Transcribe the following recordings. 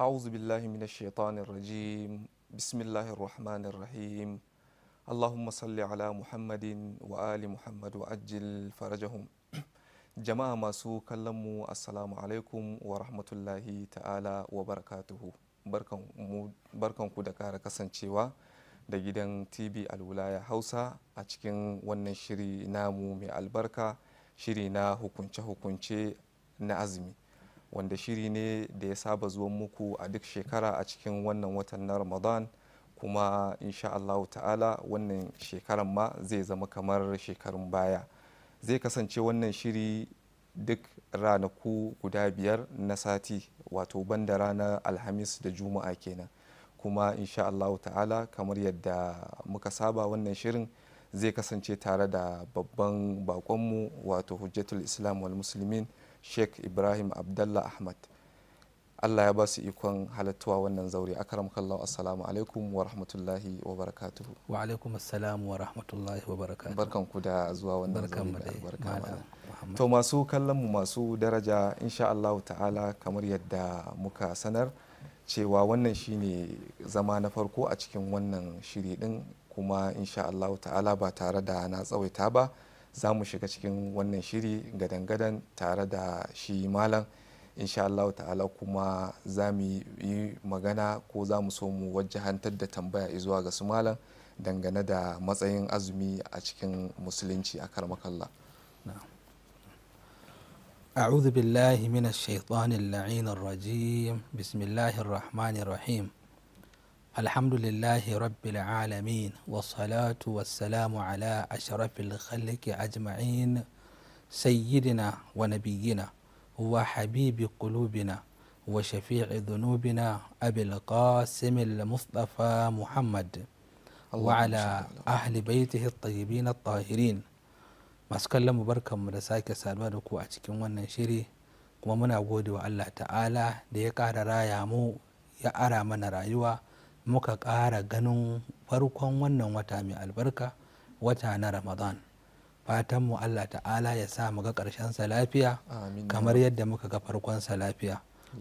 أعوذ mina من الشيطان الرجيم بسم الله الرحمن الرحيم اللهم صل على محمد وآل محمد jama'a masu kallon mu assalamu alaikum wa rahmatullahi ta'ala wa barakatuhu barkan ku da kara kasancewa da gidan tv alwulaya hausa a cikin wannan shiri na mu mai albarka shiri na hukunce-hukunce na azumi wanda shiri ne da ya saba zuwan muku a duk shekara a cikin wannan watan na ramadan kuma insha Allah ta'ala wannan shekaran ma zai zama kamar shekarun baya zai kasance wannan shiri duk ranaku guda biyar na sati wato banda ranar alhamis da juma'a kenan kuma insha Allah ta'ala kamar yadda muka saba wannan shirin zai kasance tare da babban bakonmu wato hujjatul islam wal musulmin sheikh ibrahim abdallah ahmad allah ya ba su ikon halittuwa wannan zaure akaram kallahu assalamu alaikum wa rahmatullahi wa barakatuhu wa alaikum assalamu wa rahmatullahi wa barakatuhu barkan ku da zuwa wannan zaure to masu kallon mu masu daraja insha Allah ta'ala kamar yadda muka sanar cewa wannan shine zama na farko a cikin wannan shiri din kuma insha Allah ta'ala ba tare da na tsawaita ba za mu shiga cikin wannan shiri gadan-gadan tare da shi malam insha Allah ta'ala kuma za mu yi magana ko za mu so mu wajahantar da tambaya zuwa ga su malam dangane da matsayin azumi a cikin musulunci a karmakalla أعوذ بالله من الشيطان اللعين الرجيم بسم الله الرحمن الرحيم الحمد لله رب العالمين والصلاة والسلام على أشرف الخلق أجمعين سيدنا ونبينا وحبيب قلوبنا وشفيع ذنوبنا أبي القاسم المصطفى محمد وعلى أهل بيته الطيبين الطاهرين masu kallon mu barkanmu da sake saduwa da ku a cikin wannan shiri kuma muna gode wa Allah ta'ala da ya ƙara raya mu ya ara mana rayuwa muka ƙara ganin farkon wannan wata mai albarka wata na ramadan fatanmu allah ta'ala ya sa mu ga sa lafiya kamar yadda muka ga farkonsa lafiya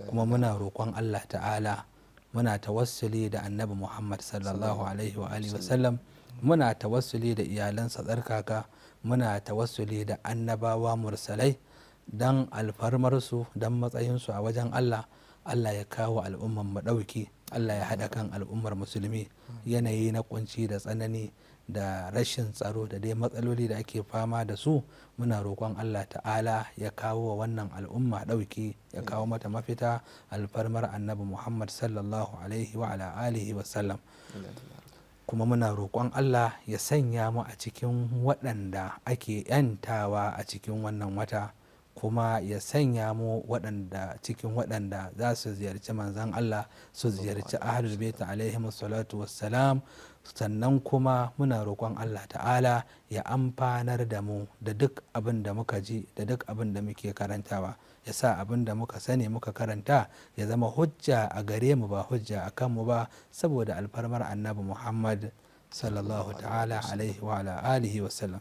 kuma muna roƙon allah ta'ala muna tawassuli da annabi muhammad sallallahu alaihi wa wasallam muna tawassuli da iyalansa tsarkaka muna tawassuli da annabawa mursalai don alfarmarsu don matsayinsu a wajen allah allah ya kawo al'umman mu ɗauke. allah ya haɗa kan al'ummar musulmi yanayi na kunci da tsanani da rashin tsaro da dai matsaloli da ake fama da su muna roƙon allah ta'ala ya kawo wa wannan al'umma ɗauki ya kawo mata mafita alfarmar annabi muhammad sallallahu alaihi wa ala alihi sallam kuma muna roƙon allah ya sanya mu a cikin waɗanda ake 'yantawa a cikin wannan wata kuma ya sanya mu waɗanda cikin waɗanda za su ziyarci manzan Allah su ziyarci ahlul baita alaihi salatu wassalam sannan kuma muna roƙon Allah ta'ala ya amfanar da mu da duk abin da muka ji da duk abin da muke karantawa ya sa abin da muka sani muka karanta ya zama hujja a gare mu ba hujja a kanmu ba saboda alfarmar annabi muhammad sallallahu ta'ala alaihi wa alihi wasallam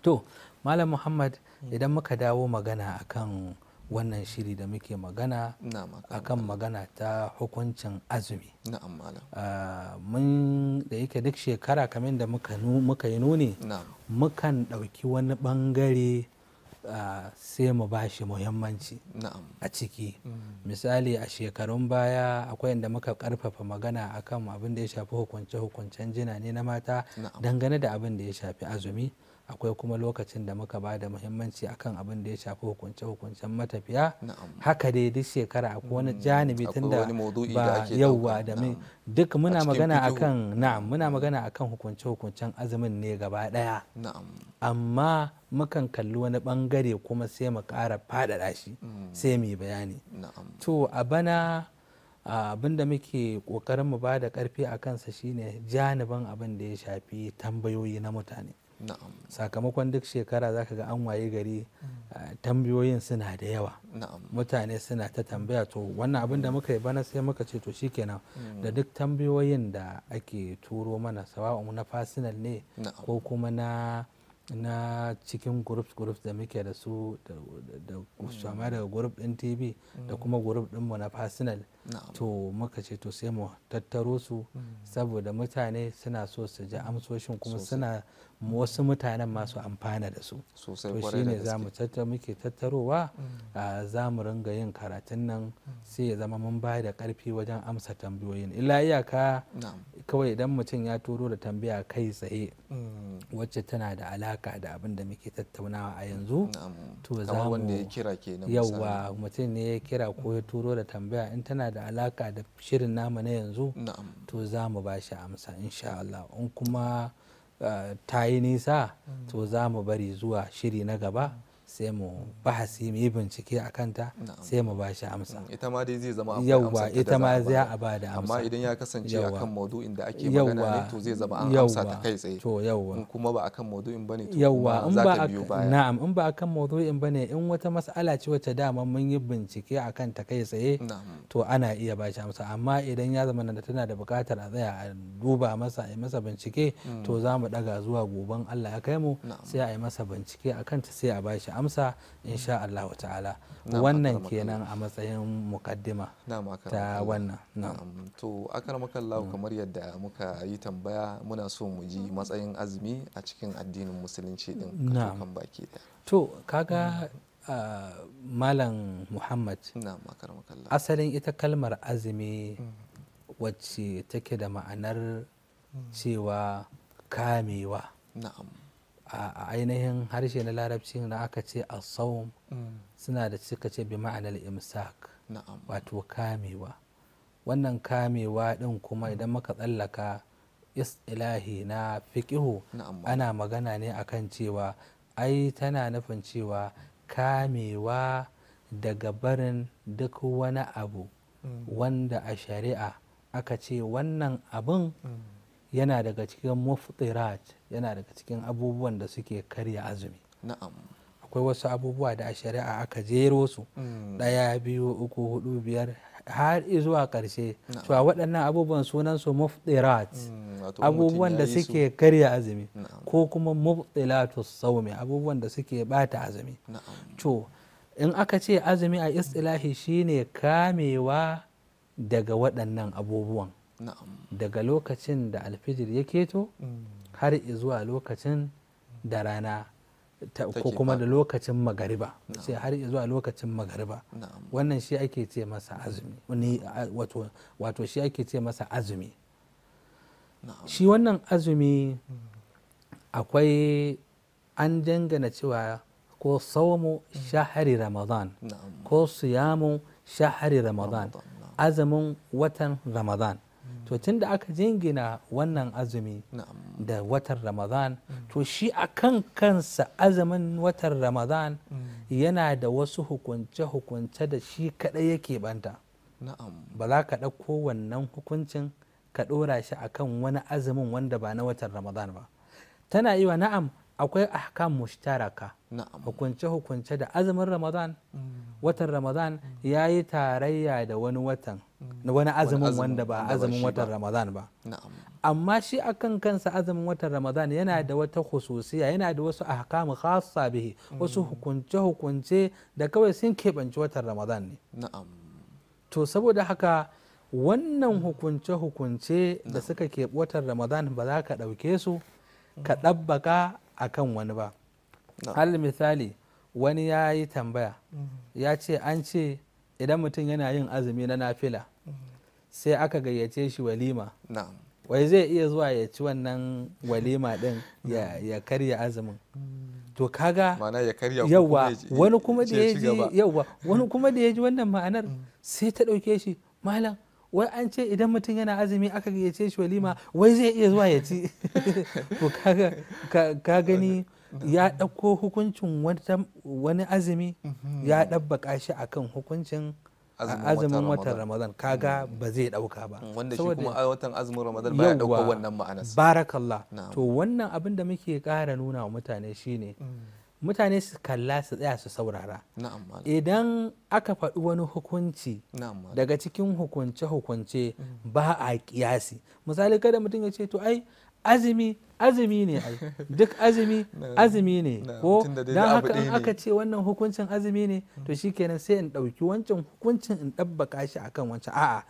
to malam muhammad hmm. idan muka dawo magana akan wannan shiri da muke magana akan magana ta hukuncin azumi ah, mun da yake duk shekara kamar da muka yi nuni mukan ɗauki wani ɓangare ah, sai mu ba shi muhimmanci a ciki hmm. misali a shekarun baya akwai inda muka karfafa magana akan abin da ya shafi hukunce-hukuncen jina ne na mata dangane da abin da ya shafi azumi akwai kuma lokacin da muka ba da muhimmanci akan abin da ya shafi hukunce-hukuncen matafiya haka dai duk shekara akwai wani mm, janibi tun da ba yauwa da duk muna magana akan na'am muna magana akan hukunce-hukuncen azumin ne gaba daya amma mukan kalli wani bangare kuma sai mu kara fadada shi mm. sai mu yi bayani to a bana abin da muke kokarin mu ba da karfi a kansa shine janibin abin da ya shafi tambayoyi na mutane sakamakon duk shekara zaka ga an waye gari mm. eh, tambayoyin suna da yawa mutane suna ta tambaya to wannan abin da mm. muka yi bana sai muka ce to shi shikenan mm. da duk tambayoyin da ake turo mana sawa'un na fasinal ne ko kuma na na cikin groups groups da muke da su da sama mm. daga group din tv da mm. kuma group mu na personal to muka ce to sai mu tattaro su mm. saboda mutane suna so su ji amsoshin kuma suna wasu mutanen masu amfana da su to shine za mu muke tattarowa za mu ringa yin karatun nan sai ya zama mun ba da karfi wajen amsa tambayoyin illa iyaka kawai idan mutum ya turo da tambaya kai tsaye wacce tana da alaka alaka da abin da muke tattaunawa a yanzu to za mu wanda yawa mutum ne ya kira ko ya turo da tambaya in tana da alaka da shirin namu na yanzu to za mu ba shi amsa insha Allah in kuma eh, ta yi nisa mm. to za mu bari zuwa shiri na gaba sai mu bahasi mu yi bincike a kanta sai mu ba shi amsa ita ma dai zai zama ita ma zai a ba da amsa amma idan ya kasance kan maudu'in da ake magana ne to zai zama an amsa ta kai tsaye to yawwa in kuma ba akan maudu'in bane to yawwa in ba na'am in ba akan maudu'in bane in wata mas'ala ce wacce dama mun yi bincike akan ta kai tsaye to ana iya ba shi amsa amma idan ya zama da tana da bukatar a tsaya a duba masa a masa bincike to mm. za mu daga zuwa goben Allah ya kai mu sai a yi masa bincike a kanta sai a ba shi. amsa insha Allah ta'ala wannan kenan a matsayin mukaddima ta wannan to akarmakallahu kamar yadda muka yi tambaya muna so mu ji matsayin azumi a cikin addinin musulunci din kan baki to kaga mm. malam muhammad asalin ita kalmar azumi mm. wacce take da ma'anar mm. cewa kamewa a ainihin harshe na larabci na aka ce a saum mm. suna da suka ce bi ma'anar imsak wato kamewa wannan kamewa din kuma mm. idan muka tsallaka ilahi na fikihu ana magana ne akan cewa ai tana nufin cewa kamewa daga barin duk wani abu mm. wanda a shari'a aka ce wannan abin yana daga cikin muftirat yana daga cikin abubuwan da suke karya azumi akwai wasu abubuwa da a shari'a aka jero su mm. ɗaya biyu uku hudu biyar har zuwa karshe to a waɗannan abubuwan sunan mm, su muftirat abubuwan da suke karya azumi ko kuma muftilatu saumi abubuwan da suke bata azumi to in aka ce azumi a istilahi shine kamewa daga waɗannan abubuwan daga lokacin da alfijir ya keto mm. har zuwa lokacin da rana ko kuma da lokacin magariba sai har zuwa lokacin magariba wannan shi ake ce masa azumi wato shi ake ce masa azumi shi wannan azumi mm. akwai an dangana cewa ko saumu mm. shahari ramadan ko siyamu shahari ramadan azumin watan ramadan to tun da aka jingina wannan azumi da watan ramadan mm. to shi a kan kansa azumin watan ramadan mm. yana da wasu hukunce-hukunce da shi kaɗai yake banta ba za ka ɗauko wannan hukuncin ka ɗora shi a kan wani azumin wanda ba na watan ramadan ba tana yi wa na'am akwai ahkam mushtaraka hukunce-hukunce da azumin ramadan mm. watan ramadan ya yi tarayya da wani watan wani azumin wanda ba azumin watan ramadan ba amma shi akan kansa azumin watan ramadan yana da wata hususiya yana da wasu ahkamu khassa bihi wasu mm. hukunce hukunce da kawai sun keɓanci watan ramadan ne to saboda haka wannan mm. hukunce hukunce da suka keɓi watan ramadan ba za ka ɗauke su mm. ka ɗabbaka a kan wani ba al misali wani ya yi tambaya ya ce an ce idan mutum yana yin azumi na nafila sai aka gayyace shi walima wai zai iya zuwa ya ci wannan walima din ya karya azumin to kaga yawa wani kuma da ya ji wani kuma wannan ma'anar mm. sai ta ɗauke shi malam wai an ce idan mutum yana azumi aka gayyace shi walima wai zai iya zuwa ya ci to kaga ka gani ya ɗauko hukuncin wani azumi ya mm-hmm. ɗabbaka shi akan hukuncin azumin watan ramadan kaga mm-hmm. ba zai ɗauka ba mm, wanda shi kuma watan azumin ramadan ba ya wannan ma'anas barakallah to wannan abin da muke kara nuna wa mutane shine mm. mutane su kalla su tsaya su saurara idan aka faɗi wani hukunci daga cikin hukunce-hukunce mm. ba a kiyasi misali kada mutum ya ce to ai azumi azumi ne duk azumi azumi ne ko don haka in aka ce wannan hukuncin azumi ne to shi hmm. shikenan sai in ɗauki wancan hukuncin in ɗabbaka shi akan wancan a'a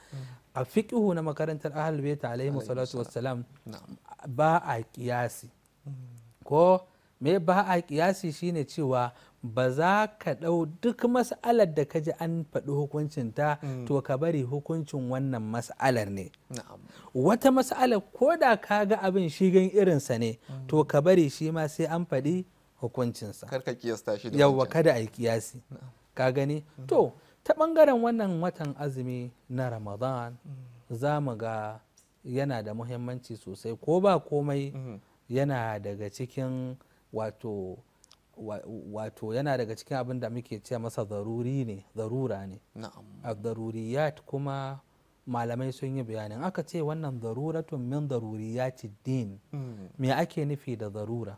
a fiƙihu na makarantar ahlul bait alaihi musallatu wassalam ba a kiyasi hmm. ko me ba a kiyasi shine cewa ba za ka ɗau duk mas'alar da ka ji an faɗi hukuncin ta. Mm. to ka bari hukuncin wannan mas'alar ne wata mas'alar ko da ka ga abin shigan irinsa ne mm. to ka bari shi ma sai an faɗi hukuncinsa karka kiyasta kada a yi kiyasi ka gani mm. to ta ɓangaren wannan watan azumi na ramadan za mu ga yana da muhimmanci sosai ko ba komai yana daga cikin wato wato yana daga cikin abin da muke ce masa zaruri ne zarura ne a zaruriyat kuma malamai sun yi bayanin aka ce wannan zaruratun min zaruriyat din hmm. me ake nufi da zarura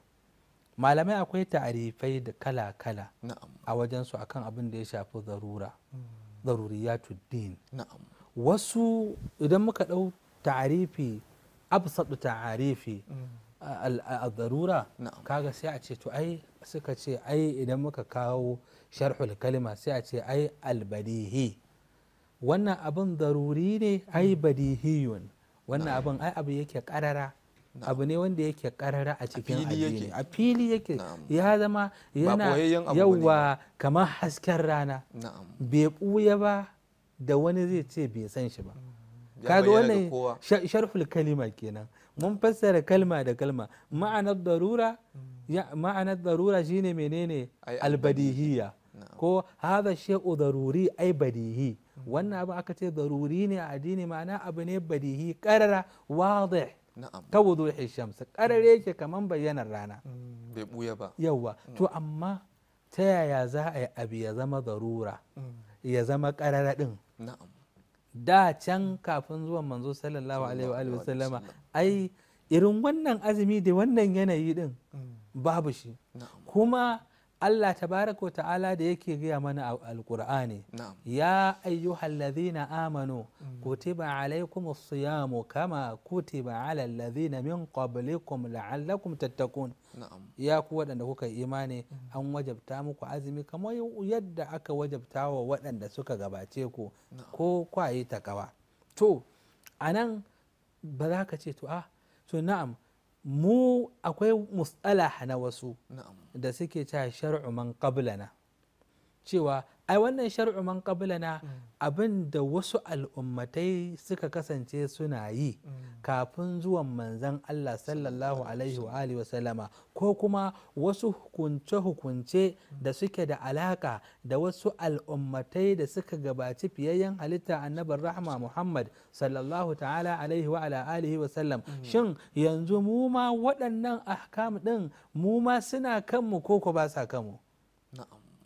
malamai akwai ta'arifai da kala-kala a wajen su akan abin da ya shafi zarura hmm. zaruriyat din wasu idan muka ɗau ta'arifi absadu ta'arifi hmm. a darura kaga sai a ce to ai suka ce ai idan muka kawo sharhul kalima sai a ce ai albadihi wannan abin daruri ne ai hmm. badihiyun wannan abin ai abu yake karara abu ne wanda yake karara a cikin addini a fili yake ya zama yana yawa kamar hasken rana bai buya ba da wani zai ce bai san shi ba hmm. kaga wannan sharhul kalima kenan mun fassara kalma da kalma ma'anar darura mm. ma'anar darura shine menene albadihiya ko hadha shay'u daruri ai badihi mm. wannan abu aka ce daruri ne a addini ma'ana abu ne badihi karara wadih ka wuduhi shamsa karare mm. yake kaman bayyanar rana bai buya ba yawa to amma ta yaya za a yi abu ya zama darura ya zama karara din da can kafin zuwan manzo sallallahu alaihi wa sallama ai irin wannan azumi da wannan yanayi din mm. babu shi kuma Allah tabaraka wa ta'ala da yake gaya mana a alkur'ani ya ayyuhallazina amanu mm. kutiba alaikum siyamu kama kutiba ala allazina min qablikum la'allakum tattakun ya ku waɗanda kuka yi imani mm. an wajabta muku azumi kamar yadda aka wajabta wa waɗanda suka gabace ku ko kwayi takawa to anan ba za ka ce to a ah, to na'am mu akwai musalaha na wasu da suke cewa shar'u man qablana cewa ai wannan shar'u man qablana mm. abin da wasu al'ummatai suka kasance suna yi mm. kafin zuwan manzan Allah sallallahu alaihi wa alihi ko kuma wasu hukunce hukunce mm. da suke da alaka da wasu al'ummatai da suka gabaci fiyayyen halitta annabar rahma Muhammad sallallahu ta'ala alaihi wa alihi shin yanzu mu ma waɗannan ahkam din mu ma suna kanmu ko ko ba sa kanmu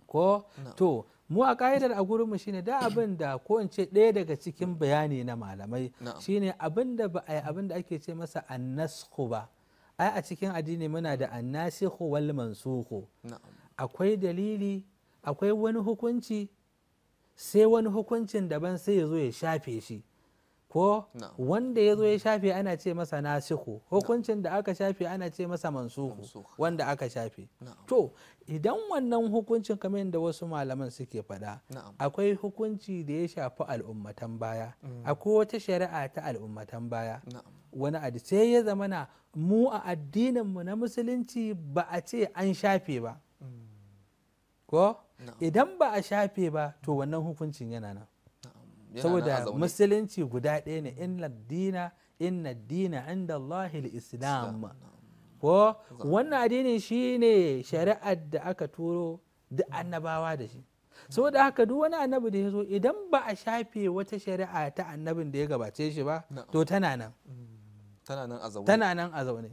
ko to mu a ka'idar a gurinmu shine da abin da ko in ce ɗaya daga cikin bayani na malamai shine abin da ba a abin da ake ce masa annasku ba ai a cikin addini muna da annasihu wal mansuhu akwai dalili akwai wani hukunci sai wani hukuncin daban sai ya zo ya shafe shi ko wanda ya zo ya mm. shafe ana ce masa nasihu hukuncin da aka shafe ana ce masa mansuhu wanda aka shafe to idan wannan hukuncin kamar yadda wasu malaman suke faɗa akwai hukunci da ya shafi al'ummatan baya mm. akwai wata shari'a ta al'ummatan baya wani adi sai ya zamana mu a addinin mu na musulunci ba a ce an shafe ba mm. ko idan ba a shafe ba to wannan hukuncin yana nan saboda musulunci guda ɗaya ne inna dina inna inda Allahil islam ko wannan addinin shi ne shari'ar da aka turo duk annabawa da shi saboda haka duk wani annabi da ya zo idan ba a shafe wata shari'a ta annabin da ya gabace shi ba to tana nan tana nan a zaune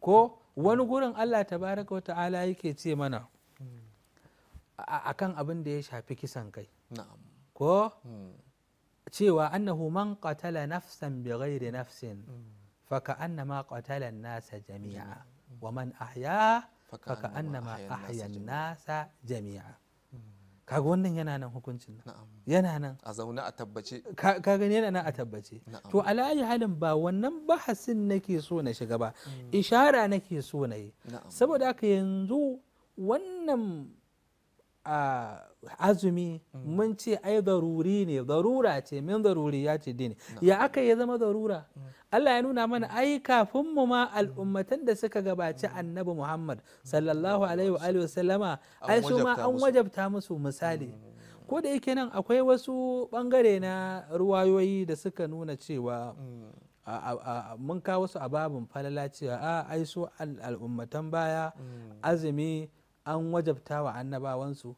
ko wani gurin Allah tabaraka wata'ala yake ce mana hmm. a kan abin da ya shafi kisan kai ko hmm. cewa annahu man qatala nafsan bi ghairi nafsin mm. fa ka ma qatala nasa jami'a mm. wa man ahya fa ka ma ahya nasa jami'a mm. kaga wannan yana nan hukuncin nan yana nan a zaune a tabbace kaga yana nan a tabbace to alayi halin ba wannan bahasin nake so na shiga ba ishara nake so na yi saboda haka yanzu wannan A azumi mm. mun ce ai daruri ne darura ce min daruri ya ce dini ya aka ya zama darura mm. Allah ya nuna mana mm. ai kafin mu ma al'ummatan da suka gabaci annabi Muhammad sallallahu alaihi wa sallama ai su ma an wajabta musu misali ko da yake nan akwai wasu bangare na ruwayoyi da suka nuna cewa mun kawo su a babin falala cewa ai su al'ummatan baya azumi an wajabta wa annabawansu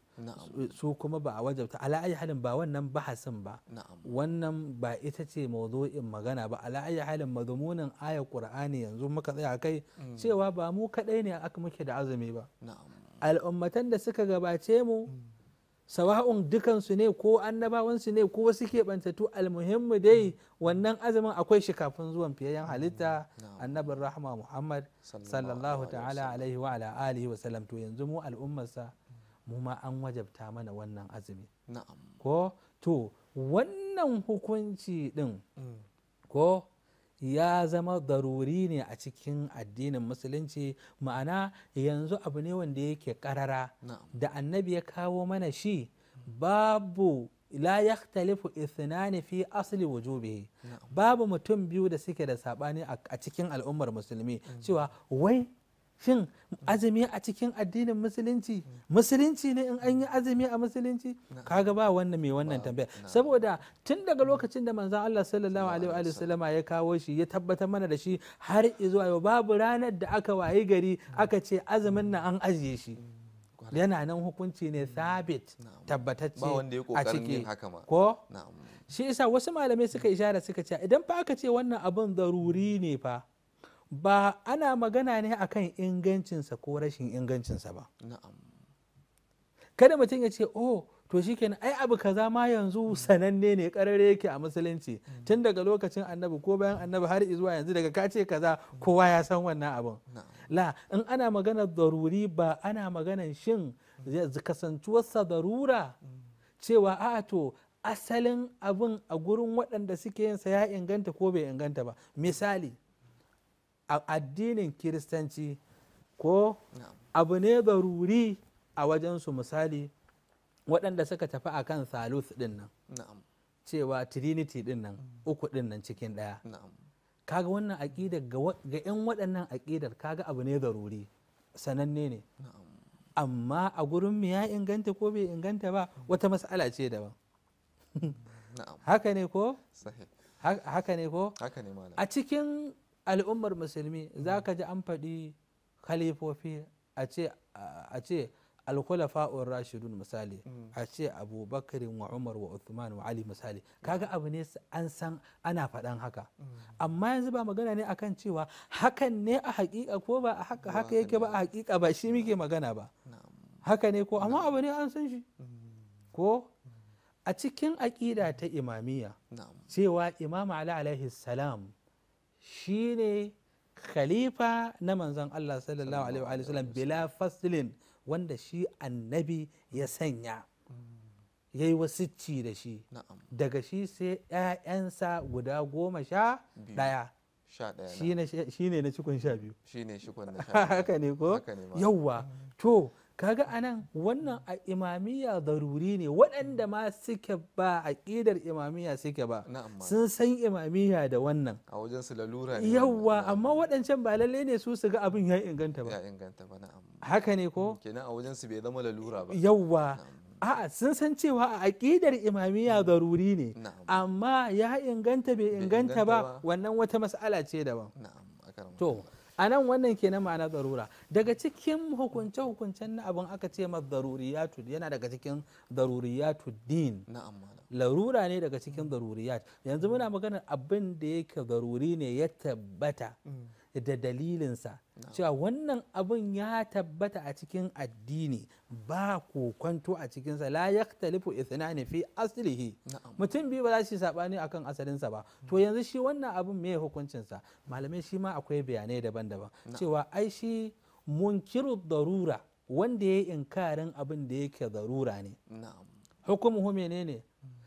su kuma ba a wajabta ala ayi halin ba wannan bahasin ba wannan ba ita ce mawdu'in magana ba ala ayi halin madmunin aya qur'ani yanzu muka tsaya kai mm. cewa ba mu kadai ne aka muke da azumi ba al'ummatan da suka gabace mu mm. sawa'un dukansu ne ko annabawansu ne ko wasu keɓantattu almuhimmu dai mm. wannan azumin akwai shi kafin zuwan fiyayyen mm. halitta annabin rahama muhammad sallallahu ta'ala alaihi wa ala wa sallam to yanzu mu al'ummarsa mm. mu ma an wajabta mana wannan azumi ko to wannan hukunci din ko ya zama daruri ne a cikin addinin musulunci ma'ana yanzu abu ne wanda yake karara da annabi ya kawo mana shi babu la yakhtalifu ithnani fi asli wujubi babu mutum biyu da suke da sabani a cikin al'ummar musulmi mm. cewa wai shin azumi a cikin addinin musulunci musulunci ne in an yi azumi a musulunci kaga ba wannan mai wannan tambaya saboda tun daga lokacin da manzon Allah sallallahu alaihi wa sallama ya kawo shi ya tabbatar mana da shi har zuwa yau babu ranar da aka wayi gari aka ce azumin nan an ajiye shi mm, yana nan hukunci ne mm, sabit tabbatacce a ciki ko shi isa wasu malamai suka ishara suka ce idan fa aka ce wannan abun zaruri ne fa ba ana magana ne a kan ingancinsa ko rashin ingancinsa ba kada mutum ya ce oh to shi shikenan ai abu kaza ma yanzu mm. sananne ne karare yake a musulunci mm. tun daga lokacin annabi ko bayan annabi har zuwa yanzu daga ka ce kaza mm. kowa ya san wannan abin la in ana maganar daruri ba ana maganar shin kasantuwarsa darura cewa a to asalin abin a gurin waɗanda suke yinsa ya inganta ko bai inganta ba misali a addinin kiristanci ko abu ne baruri a wajensu misali waɗanda suka tafi a kan salus ɗin nan cewa trinity ɗin nan mm. uku ɗin nan cikin ɗaya kaga wannan aƙidar ga 'yan waɗannan aƙidar kaga abu ne daruri sananne ne amma a gurin ya inganta ko bai inganta ba mm. wata matsala ce daban haka ne ko haka ne ko a cikin al'ummar musulmi mm. za ka ji an faɗi khalifofi a ce fa'uwar rashidun misali mm. a ce abubakarin wa umar wa uthman wa ali misali mm. kaga abu ne an san ana faɗan haka amma yanzu ba magana ne akan cewa hakan ne a hakika ko ba haka haka yake ba a hakika ba shi muke magana ba haka ne ko amma abu ne an san shi ko a cikin aƙida ta imamiyya cewa imam ali alaihi salam shine khalifa na manzon Allah sallallahu alaihi wa sallam bila faslin wanda shi annabi ya sanya hmm. ya yi wasicci da shi daga shi sai 'ya'yansa guda goma sha ɗaya shi ne na cikon sha biyu haka ne ko yauwa to kaga anan wannan a imamiya daruri ne waɗanda ma suke ba a ƙidar imamiya suke ba sun san imamiya da wannan a wajen su lalura ne yawa amma waɗancan ba lalle ne su su ga abin ya inganta ba ya inganta ba na'am haka ne ko mm, kenan a wajen su bai zama lalura ba yawa a'a sun san cewa a ƙidar imamiya mm. daruri ne amma ya inganta bai inganta ba wannan wata mas'ala ce daban na'am to a nan wannan ke na ma'ana zarura daga cikin hukunce hukuncen na abin aka ce ma zaruriyatu yana daga cikin daruriyatu din larura ne daga cikin zaruriyat yanzu muna maganar abin da yake zaruri ne ya tabbata mm. da dalilinsa cewa wannan abin ya tabbata a cikin addini ba kwanto a cikinsa la yaktalifu ne fi aslihi mutum biyu ba za su sabani akan asalinsa ba hmm. to yanzu shi wannan abin mai hukuncinsa malamai shi ma akwai bayanai daban-daban cewa ai shi munkiru darura wanda ya inkarin abin da yake darura ne hukumu ne hmm.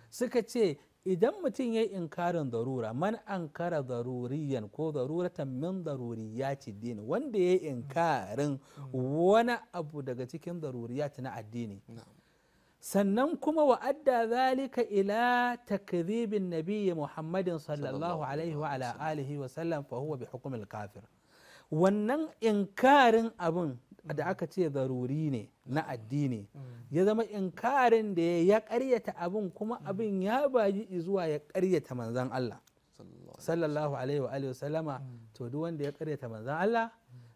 suka ce idan mutum ya yi inkarin darura man kara daruriyan ko daruratan min daruriyati dini wanda ya yi inkarin wani abu daga cikin daruriyati na addini sannan kuma wa'adda zalika ila takribin nabiyyi muhammadin sallallahu alaihi wa ala alihi wa sallam fa huwa bi hukmil kafir wannan inkarin abin mm. da aka ce zaruri ne na addini mm. ya zama inkarin da ya karyata abin kuma mm. abin ya baji zuwa ya karyata manzan Allah sallallahu alaihi wa wasallama to duk wanda ya karyata manzan Allah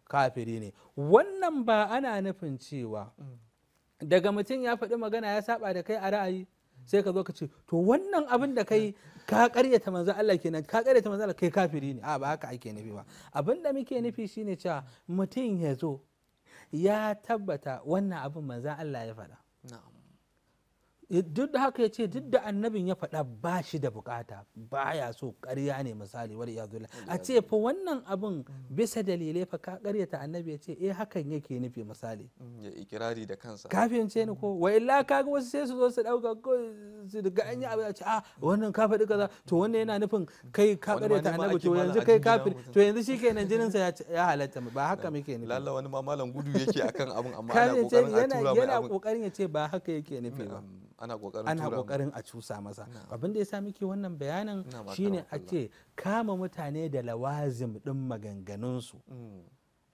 kafiri ne wannan ba ana nufin cewa daga mutum ya faɗi magana ya saba da kai a ra'ayi sai ka zo ka ce to wannan abin da kai ka karyata manzo Allah kenan ka karyata manzo Allah kai kafiri ne a ba haka ake nufi ba abinda muke nufi shine cewa mutum ya zo ya tabbata wannan abin manzo Allah ya faɗa Eh, duk da haka ya ce duk da annabin ya faɗa ba shi da bukata baya so ƙarya ne misali wani ya zula a ce fa wannan abin bisa dalilai fa ka ƙaryata annabi ya ce eh hakan yake nufi misali ya ikirari da kansa kafin ce ni ko wa illa ga wasu sai su zo su dauka ko su daga an yi abu a ce ah wannan ka faɗi kaza to wannan yana nufin kai ka ƙaryata annabi to yanzu kai kafir to yanzu shikenan jinin sa ya halatta ba haka muke nufi lalla wani ma malam gudu yake akan abin amma ana kokarin a tura mai abin yana kokarin ya ce ba haka yake nufi ba ana kokarin a cusa masa abin da ya sami ke wannan bayanin shine a ce kama mutane da lawazim din maganganunsu mm.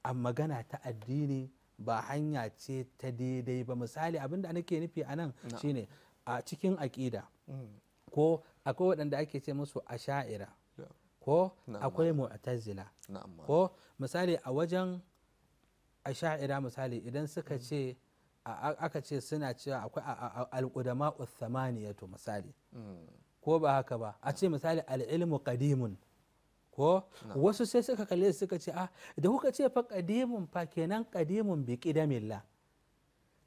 a magana ta addini ba hanya ce ta daidai ba misali abin da nake nufi a nan shine a cikin aƙida mm. ko akwai waɗanda ake ce musu a sha'ira ko akwai a ko misali a wajen a sha'ira misali idan suka mm. ce aka ce suna cewa akwai al'udama uthamaniya to misali hmm. ko ba haka ba a ce misali al'ilmu qadimun ko wasu sai suka kalle suka ce a ah, da kuka ce fa qadimun fa kenan qadimun bi qidamillah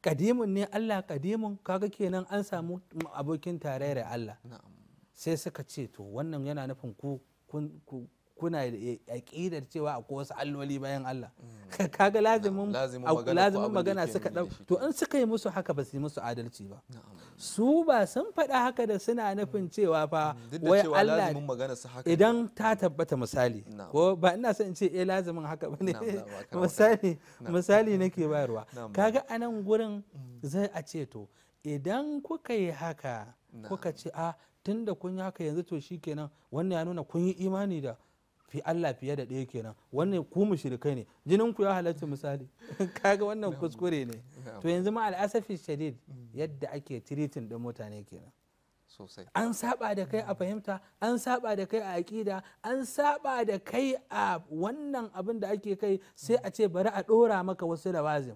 qadimun ne Allah qadimun kaga kenan an samu abokin tarayyar Allah sai suka ce to wannan yana nufin ku kuna aƙidar cewa akwai wasu alloli bayan Allah mm. kaga lazimin lazimin magana suka dau to in suka yi musu haka ba su yi musu adalci ba su ba sun faɗa haka da suna nufin mm. cewa fa mm. wai Allah idan ta tabbata misali ko ba ina son in ce eh lazimin haka bane misali misali nake bayarwa kaga anan gurin zai a ce to idan kuka yi haka kuka ce a ah, tunda kun yi haka yanzu to shikenan wannan ya nuna kun yi imani da fi Allah fiye da ɗaya kenan wannan ku mushrikai ne jinin ku ya halatta misali kaga wannan kuskure ne to yanzu ma al'asafi shadid yadda ake tiritin din mutane kenan sosai an saba da kai a fahimta an saba da kai a aƙida an saba da kai a wannan abin da ake kai sai a ce bari a ɗora maka wasu lawazim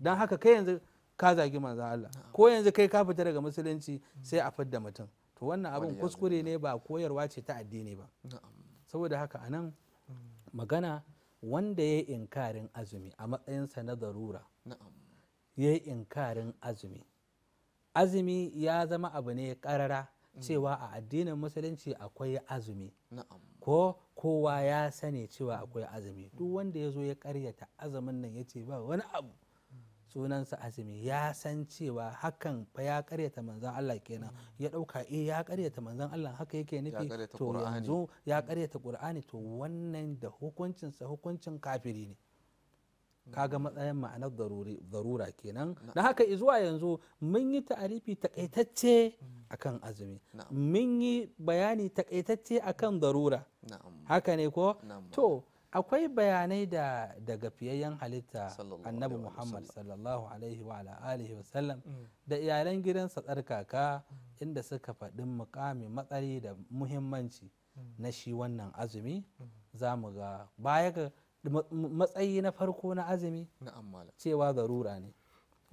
don haka kai yanzu ka zagi manzo Allah ko yanzu kai ka fita daga musulunci sai a fadda mutum to wannan abin kuskure ne ba koyarwa ce ta addini ba saboda haka a nan magana wanda ya yi inkarin azumi a matsayinsa na zarura ya yi inkarin azumi azumi ya zama abu ne karara mm. cewa a addinin musulunci akwai azumi ko kowa ya sani cewa akwai azumi duk wanda ya zo ya karyata azumin nan ya ce ba wani abu sunansa azumi ya san cewa hakan fa ya karyata manzon Allah kenan mm. ya dauka eh ya karyata manzon Allah haka yake nufi to yanzu ya karyata mm. qur'ani to wannan da hukuncin sa hukuncin kafiri ne kaga mm. matsayin ma'anar darura kenan na haka zuwa yanzu mun yi ta'arifi takaitacce akan azumi mun yi bayani takaitacce akan darura haka ne ko to akwai bayanai da daga fiyayyen halitta annabi muhammad sallallahu alaihi wa alihi wasallam mm. da iyalan gidansa tsarkaka mm. inda suka faɗi mukami matsari da muhimmanci mm. na shi wannan azumi za mu ga baya ga matsayi na farko na azumi cewa zarura ne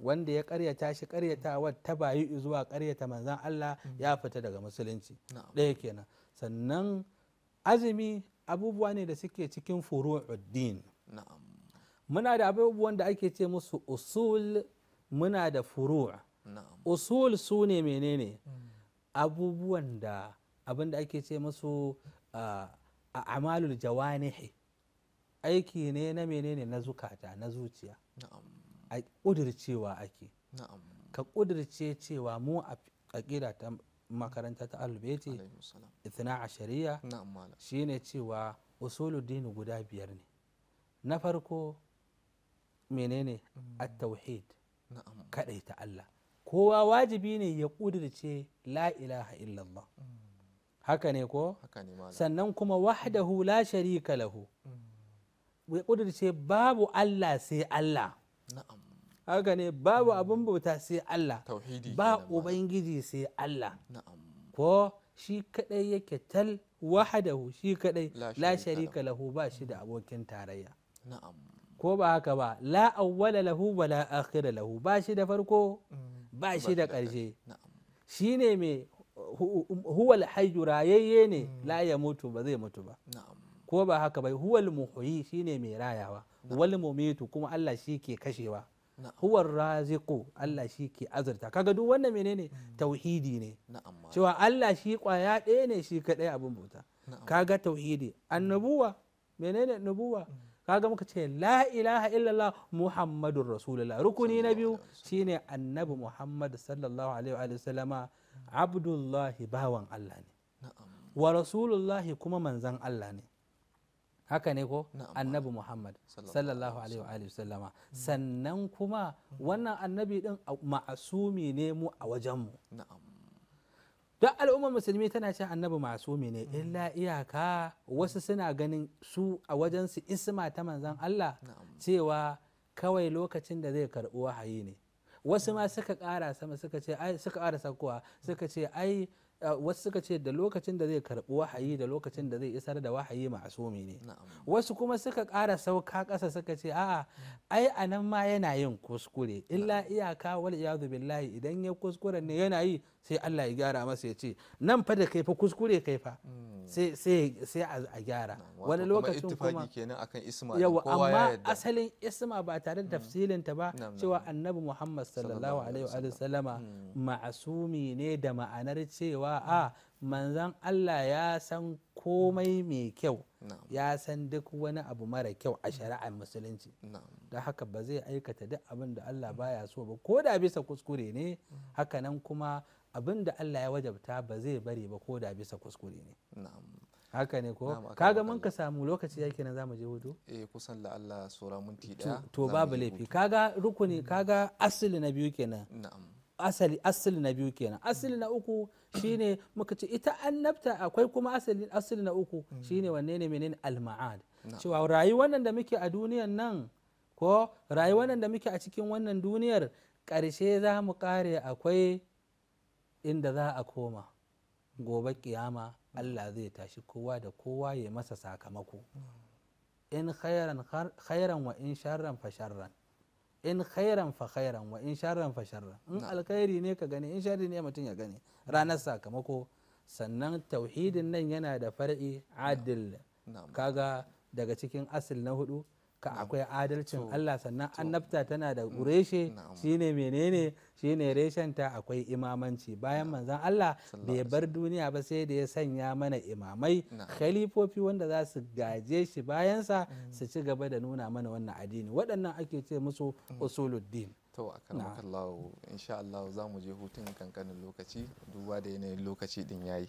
wanda ya karyata shi karyatawa ta bayi zuwa karyata manzan allah ya fita daga musulunci ɗaya kenan sannan azumi abubuwa ne da suke cikin furu'uddin muna da abubuwan da ake ce musu usul muna da furu' usul su ne menene hmm. abubuwan da abin da ake ce musu a amalul jawanihi aiki ne na menene na zukata na zuciya a ƙudircewa ake ka ƙudirce cewa mu a ƙira Makarantar ta albeti Shari'a, shi shine cewa usuluddin guda biyar ne na farko menene mm. at-tauhid ta Allah kowa wajibi ne ya ƙudirce la ilaha illallah mm. haka ne ko sannan kuma wahdahu la sharika lahu mm. ya kudirce babu Allah sai Allah haka ne babu abin bauta sai Allah ba ubangiji sai Allah ko shi kadai yake tal wahadahu shi kadai la sharika lahu ba shi da abokin tarayya ko ba haka ba la awwala lahu wa la akhira lahu ba shi da farko mm. ba shi da karshe shi ne mai huwal hayyu rayayye ne mm. la ya mutu ba zai mutu ba ko ba haka ba huwal muhyi shi ne mai rayawa wal mumitu kuma Allah shi ke kashewa huwar raziqu Allah shi ke azurta kaga duk wannan menene hmm. tauhidi ne cewa Allah shi kwaya ɗaya ne shi kaɗai abin bauta kaga tauhidi annabuwa menene nubuwa hmm. kaga muka ce la ilaha illallah muhammadun rasulullah rukuni na biyu shine annabi muhammad sallallahu alaihi wa sallama hmm. abdullahi bawan Allah ne wa rasulullahi kuma manzan Allah ne haka ne ko annabi muhammad sallallahu alaihi sallama sannan kuma wannan annabi din ma'asumi ne mu a wajenmu don al'ummar musulmi tana ce annabi masumi ne mm. illa iyaka wasu suna ganin su a wajensu isma ta manzan allah cewa kawai lokacin da zai karɓi wahayi ne wasu ma suka ƙara sama suka ce ai suka ƙara sakuwa suka ce ai Eh, wasu suka ce da lokacin da zai karɓi wahayi da lokacin da zai isar da wahayi ma'asumi ne wasu kuma suka ƙara sauka ƙasa suka ce a'a ai a nan ma yana yin kuskure illa iyaka wal iyadu billahi idan ya kuskure ne yana yi sai Allah ya gyara masa ya ce nan fa da kai fa kuskure kai fa hmm. sai sai a gyara wani lokacin kuma kenan akan isma yawa amma asalin isma ba tare da hmm. tafsilin ta ba cewa annabi Muhammad sallallahu alaihi wa sallama hmm. ma'asumi ne da ma'anar cewa cewa a manzan Allah ya san komai mai kyau ya san duk wani abu mara kyau a shari'ar musulunci da haka ba zai aikata duk abin da Allah baya so ba ko da bisa kuskure ne hakanan kuma abin da Allah ya wajabta ba zai bari ba ko da bisa kuskure ne haka ne ko kaga mun ka samu lokaci yake nan zamu je hudu eh kusan la Allah sura minti daya to babu laifi kaga rukuni kaga asali na biyu kenan na'am asali asali na biyu kenan asali na uku shine muka ce ita annabta akwai kuma asali asali na uku shine wanne ne menene alma'ad cewa rayuwar nan da muke a duniyar nan ko rayuwar da muke a cikin wannan duniyar ƙarshe za mu ƙare akwai inda za a koma gobe kiyama Allah zai tashi kowa da kowa ya masa sakamako in khairan wa in sharran fa sharran in khairan fa khairan wa in sharran fa sharran in alkhairi ne ka gani in sharri ne mutum ya gani ranar sakamako sannan tauhidin nan yana da far'i adil kaga daga cikin asil na hudu ka mm. akwai adalcin Allah sannan annabta tana da mm. reshe shine menene shine ta akwai imamanci bayan manzon Allah bai bar duniya ba sai da ya sanya mana imamai khalifofi wanda za su gaje shi bayansa mm. su ci gaba da nuna mana wannan addini waɗannan ake ce musu usuluddin to a kan Allah insha Allah za mu je hutun kankanin lokaci duba da yanayin lokaci din yayi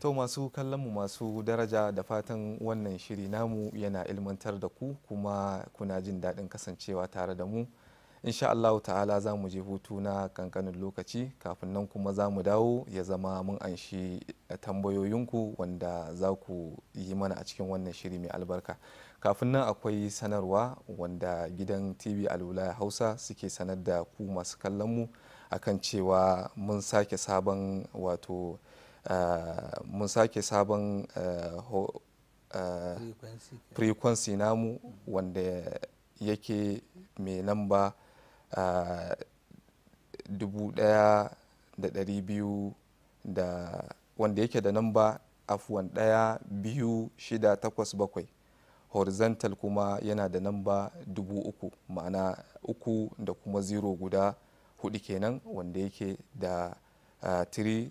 to masu kallon mu masu daraja da fatan wannan shiri namu yana ilmantar da ku kuma kuna jin daɗin kasancewa tare da mu insha Allah ta'ala za mu je hutu na kankanin lokaci kafin nan kuma za mu dawo ya zama mun anshi tambayoyinku wanda za ku yi mana a cikin wannan shiri mai albarka kafin nan akwai sanarwa wanda gidan tv alula hausa suke sanar da ku masu kallon mu akan cewa mun sake sabon wato Eh, mun sake sabon eh, eh, frequency namu wanda yake mai namba dubu daya da dari biyu da wanda yake da namba afuwan daya biyu shida takwas bakwai horizontal kuma yana da namba dubu uku ma'ana uku da kuma zero guda hudu kenan wanda yake da 3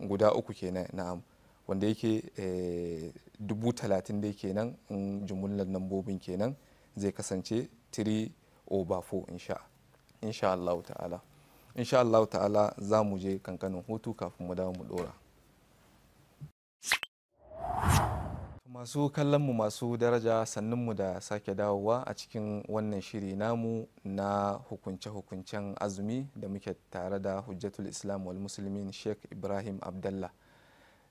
guda uku kenan na'am wanda yake eh, dubu talatin da kenan in jimillar lambobin kenan zai kasance 3 over 4 insha Allah ta'ala insha Allah ta'ala za mu je kankanin hutu kafin mu dawo mu dora masu kallonmu masu daraja sannunmu da sake dawowa a cikin wannan shiri namu na hukunce-hukuncen azumi da muke tare da hujjatul islam wal musulmin sheikh ibrahim abdallah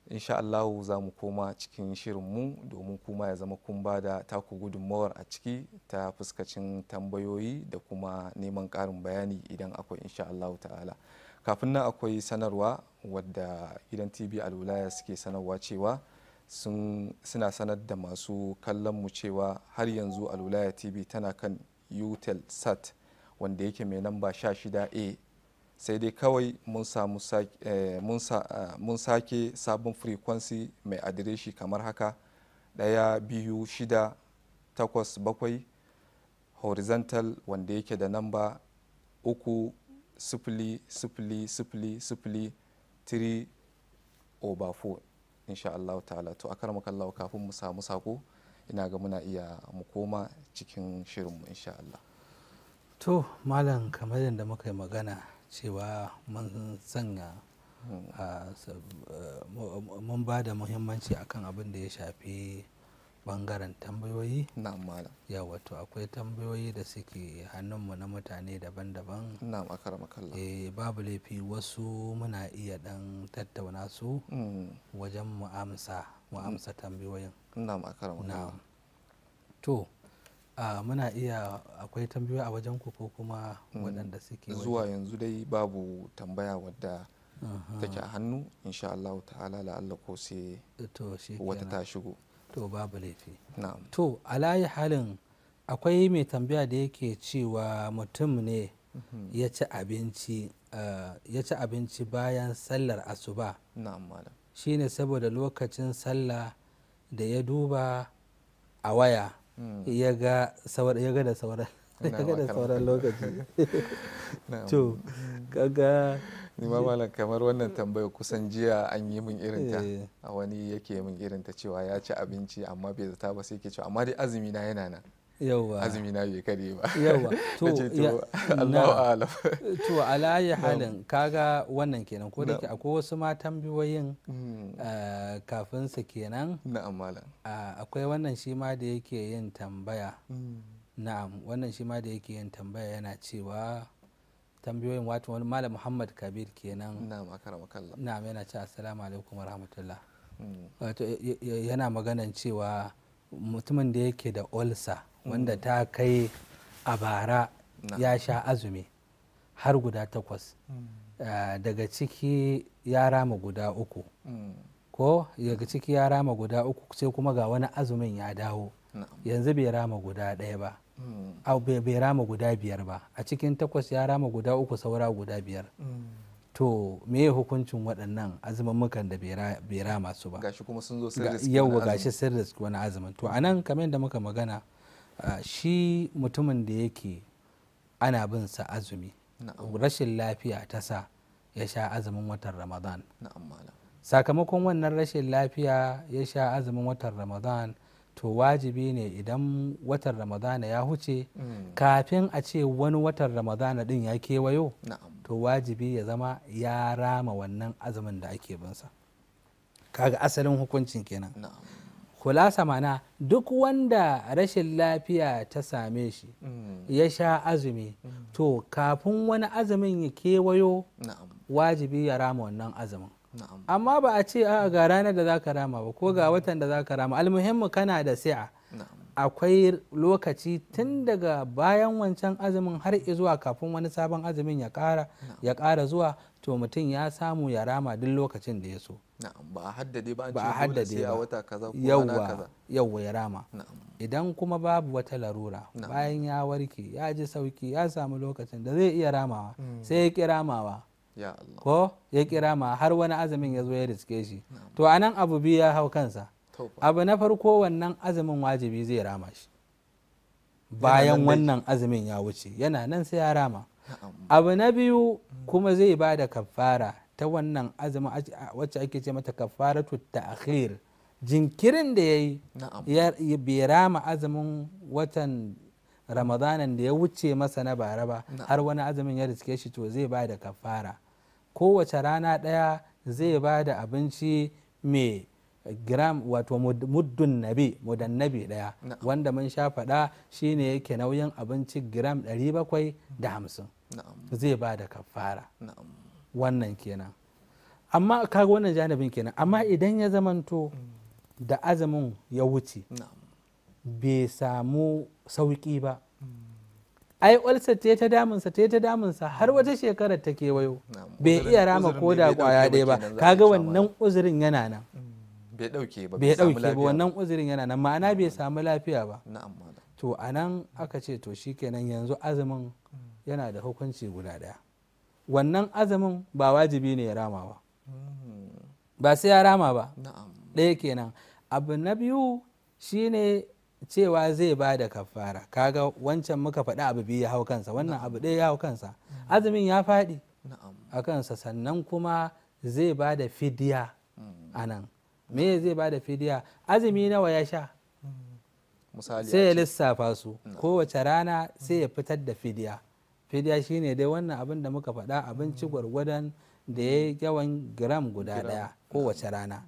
insha allahu za mu koma cikin shirinmu domin kuma ya zama kun ba da taku gudunmawar a ciki ta fuskacin tambayoyi da kuma neman ƙarin bayani idan akwai insha allahu ta'ala kafin nan akwai sanarwa wadda gidan tv alwulaya suke sanarwa cewa suna sanar da masu kallon mu cewa har yanzu alwulaya tv tana kan utel sat wanda yake mai namba 16a sai dai kawai eh, eh, mun sake sabon frequency mai adireshi kamar haka daya biyu shida takwas bakwai horizontal wanda yake da namba uku sifili sifili sifili sifili 3 over 4 insha Allah ta'ala to akaramakallahu kafin mu samu sako ina ga muna iya mu koma cikin shirinmu insha Allah to malam kamar yadda muka yi magana cewa mun sanya hmm. ah, eh, mun ba da muhimmanci akan abin da ya shafi bangaren tambayoyi na'am ya wato akwai tambayoyi da suke hannunmu na mutane daban-daban na'am akarama kallah eh babu laifi wasu muna iya dan tattauna su mm. wajen mu amsa mu amsa tambayoyin na'am to a muna iya akwai tambayoyi a wajen ku ko kuma mm. waɗanda suke zuwa yanzu dai babu tambaya wadda take a hannu insha Allah ta'ala la'alla ko sai wata ta shigo to babu laifi to alayi halin akwai mai tambaya da yake cewa mutum ne mhm. eh, ya ci abinci bayan sallar asuba shine saboda lokacin sallah da ya duba a waya hmm. ya ga da sauran lokaci to kaga ni ma malam kamar wannan tambaya kusan jiya an yi min irinta eh. a wani yake min irinta cewa ya ci abinci amma bai zata ba sai ke cewa amma dai azumi na yana nan yawa azumi na bai kare ba yawa to Allahu alam to alayi halin kaga wannan kenan ko da ke akwai wasu ma tambayoyin hmm. eh, kafin su kenan na'am malam akwai wannan shi ma da yake yin tambaya hmm. na'am wannan shi ma da yake yin tambaya yana cewa tambayoyin wato wani malam muhammad kabir kenan na yana ce assalamu alaikum wa rahmatullah mm. wato yana maganan cewa mutumin da yake da olsa wanda mm. ta kai a bara ya sha azumi har guda takwas mm. eh, daga ciki ya rama guda uku ko daga ciki ya rama guda uku sai kuma ga wani azumin ya dawo yanzu bai rama guda ɗaya ba a bai rama guda biyar ba a cikin takwas ya rama guda uku saura guda biyar to me ya hukuncin waɗannan azumummukan da bai rama su ba gashi kuma sun zo yau gashi sun riski wani azumin to anan kamar da muka magana shi mutumin da yake ana bin sa azumi rashin lafiya ta sa ya sha azumin watan ramadan sakamakon wannan rashin lafiya ya sha azumin watan ramadan to wajibi ne idan watan ramadana ya huce mm. kafin a ce wani watan ramadana din ya kewayo to wajibi ya zama ya rama wannan azumin da ake binsa kaga asalin hukuncin kenan kulasa mana duk wanda rashin lafiya ta same shi mm. ya sha azumi mm. to kafin wani azumin ya kewayo wajibi ya rama wannan azumin amma ba a ce a ga ranar da za ka rama ba ko ga watan da za ka rama almuhimmu kana da si'a akwai lokaci tun daga bayan wancan azumin har zuwa kafin wani sabon azumin ya kara ya kara zuwa to mutum ya samu ya rama duk lokacin da ya so ba a haddade ba a kaza ko yawwa ya rama idan kuma babu wata larura bayan ya warke ya ji sauki ya samu lokacin da zai iya ramawa mm. sai ya ki ramawa ko ya kira ma har wani azumin ya zo ya riske shi to anan abu biyu ya hau kansa abu na farko wannan azumin wajibi zai rama shi bayan wannan azumin ya wuce yana nan sai ya rama abu na biyu hmm. kuma zai ba da kafara ta wannan azumin wacce ake ce mata kafaratu ta'khir jinkirin da ya yi bai rama azumin watan ramadanan da ya wuce masa na bara ba har wani azumin ya riske shi to zai ba da kafara kowace rana ɗaya zai ba da abinci mai gram wato muddun nabi mudan nabi ɗaya wanda mun sha faɗa shine yake nauyin abinci gram 750 zai ba da kafara wannan kenan amma kaga wannan janibin kenan amma idan ya zamanto mm. da azumin ya wuce bai samu sauki ba mm. ai ulsa ta ta damunsa ta ta damunsa har mm. wata shekarar ta kewayo bai iya rama ko da kwaya ɗaya ba kaga wannan uzurin yana nan mm. bai ɗauke ba bai ɗauke ba wannan uzurin yana nan ma'ana bai samu lafiya ba to a nan aka ce to shikenan yanzu azumin yana da hukunci guda ɗaya wannan azumin ba wajibi ne ya rama ba ba sai ya rama ba ɗaya kenan abu na biyu shine cewa zai ba da kafara kaga wancan muka faɗi abu biyu ya hau kansa wannan abu ɗaya ya hau kansa mm. azumin ya faɗi a kansa sannan kuma zai ba da fidiya mm. a nan me zai ba da fidiya azumi nawa ya sha mm. sai ya lissafa su kowace rana sai ya fitar da fidiya fidiya shine dai wannan abin da muka faɗa abinci gwargwadon da ya yawan gram guda ɗaya kowace rana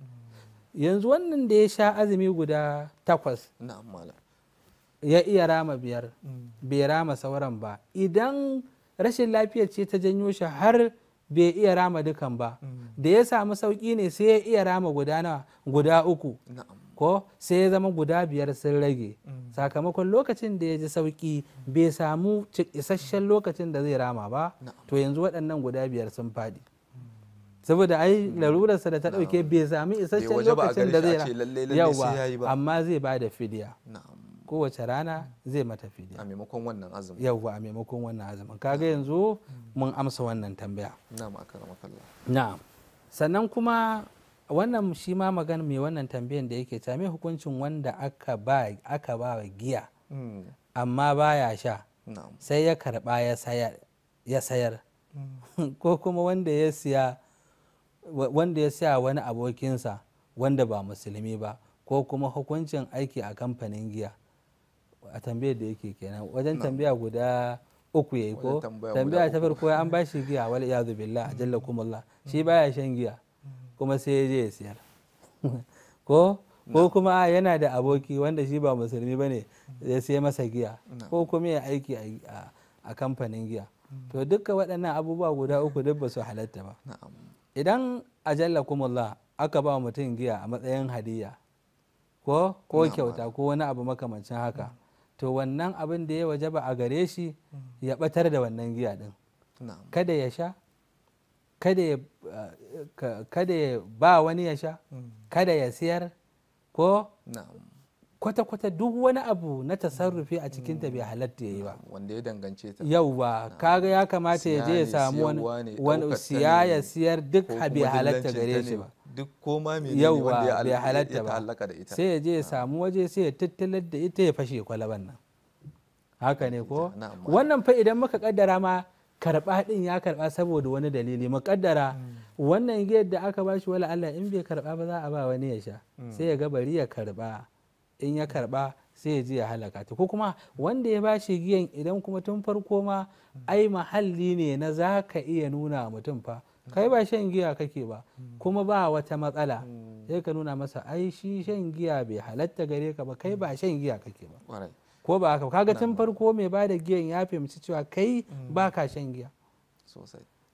yanzu wannan da ya sha azumi guda takwas ya iya rama biyar bai rama sauran ba idan rashin lafiyar ce ta janyo shi har bai iya rama dukan ba da ya samu sauki ne sai ya iya rama guda na guda uku ko sai ya zama guda biyar sun rage sakamakon lokacin da ya ji sauki bai samu isasshen lokacin da zai rama ba to yanzu waɗannan guda biyar sun faɗi saboda ai mm. larurarsa da ta dauke bai sami isasshen lokacin da zai yawa amma zai ba da fidiya kowace rana zai mata fidiya a maimakon wannan azumin yawa a maimakon wannan azumin kaga yanzu mun amsa wannan tambaya na'am akramakallah na'am sannan kuma wannan shi ma magana mai wannan tambayan da yake ta me hukuncin wanda aka ba aka ba giya mm. amma baya sha sai ya karba ya sayar mm. ko kuma wanda ya siya wanda ya sa wani abokinsa wanda ba musulmi ba ko kuma hukuncin aiki a kamfanin giya a tambayar da yake kenan wajen tambaya guda uku yayi ko tambaya ta farko an ba shi giya wal iyadu billah jalla kumullah shi mm. baya shan giya kuma sai ya je ya siyar ko ko kuma yana da aboki wanda shi ba musulmi bane ya sai masa giya ko kuma ya aiki a kamfanin giya mm. to dukkan waɗannan abubuwa guda uku duk ba su halatta ba idan ajalla kumullah aka ba mutum giya a matsayin hadiya ko ko kyauta ko wani abu makamancin haka to wannan abin da ya wajaba a gare shi mm. ya batar da wannan giya din kada ya sha kada ya ba wani ya sha mm. kada ya siyar ko kwata-kwata duk wani abu na tasarrufi a cikin ta bai halatta yayi ba mm, wanda ya dangance ta yauwa ah. kaga ya kamata ya je ya samu wani siya ya siyar duk bai halatta gare shi ba duk koma mai bai halatta ba sai ya je ya ah. samu waje sai ya tattalar da ita ya fashe kwalaban nan haka ne ko wannan fa idan muka kaddara ma karba din ya karba saboda wani dalili mu kaddara mm. wannan giyar da aka bashi wala Allah in bai karba ba za a ba wani ya sha mm. sai ya ga bari ya karba in ya karba sai ya je ya halaka ta ko kuma wanda ya bashi giyan idan kuma tun farko ma ai mahalli ne na za ka iya nuna mutum fa kai ba shan giya kake ba kuma ba wata matsala sai ka nuna masa ai shi shan giya bai halatta gare ka ba kai ba shan giya kake ba ko ba haka kaga tun farko mai ba da giyan ya fahimci cewa kai mm. ba ka shan giya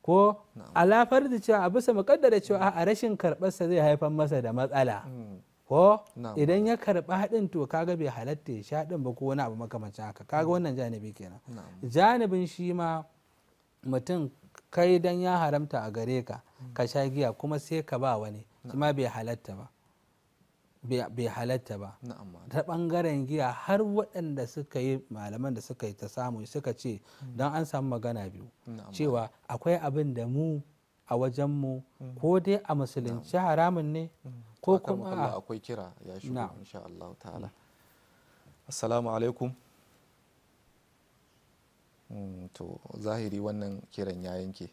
ko alafar da cewa a bisa mukaddara cewa a rashin karɓarsa zai haifar masa da matsala mm. ko idan ya karba haɗin to kaga bai halatta ya sha ɗin ba ko wani abu makamancin haka kaga wannan janabi kenan janibin shi ma mutum kai dan ya haramta a gare ka hmm. ka sha giya kuma sai ka ba wani shi ma bai halatta ba bai halatta ba ta bangaren giya har waɗanda suka yi malaman da suka yi ta samu suka ce hmm. don an samu magana biyu cewa akwai abin da mu a wajenmu ko dai a musulunci haramun ne ko kuma a akwai kira ya shigo insha Allah ta'ala assalamu alaikum to zahiri wannan kiran ya yanke